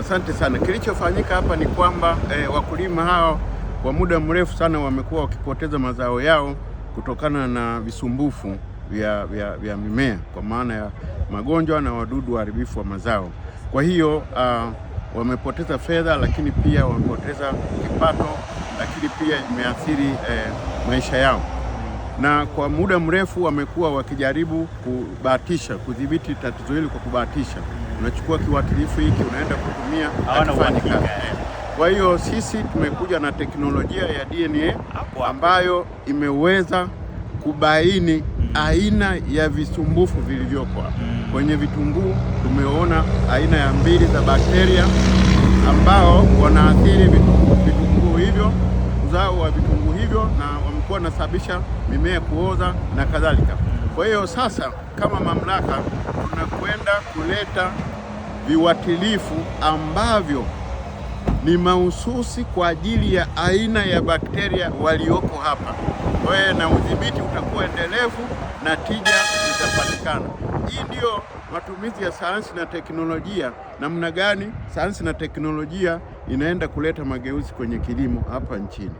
Asante sana. Kilichofanyika hapa ni kwamba e, wakulima hao kwa muda mrefu sana wamekuwa wakipoteza mazao yao kutokana na visumbufu vya, vya, vya mimea kwa maana ya magonjwa na wadudu waharibifu wa mazao. Kwa hiyo uh, wamepoteza fedha, lakini pia wamepoteza kipato, lakini pia imeathiri eh, maisha yao na kwa muda mrefu wamekuwa wakijaribu kubahatisha kudhibiti tatizo hili kwa kubahatisha. Unachukua kiwatilifu hiki unaenda kutumia, hakifanyi kazi. Eh. Kwa hiyo sisi tumekuja na teknolojia ya DNA ambayo imeweza kubaini mm. aina ya visumbufu vilivyoko mm. kwenye vitunguu. Tumeona aina ya mbili za bakteria ambao wanaathiri vitunguu hivyo uzao wa vitunguu hivyo na wamekuwa wanasababisha mimea kuoza na kadhalika. Kwa hiyo sasa, kama mamlaka tunakwenda kuleta viuatilifu ambavyo ni mahususi kwa ajili ya aina ya bakteria walioko hapa. Kwa hiyo na udhibiti utakuwa endelevu na tija itapatikana hii ndiyo matumizi ya sayansi na teknolojia, namna gani sayansi na teknolojia inaenda kuleta mageuzi kwenye kilimo hapa nchini.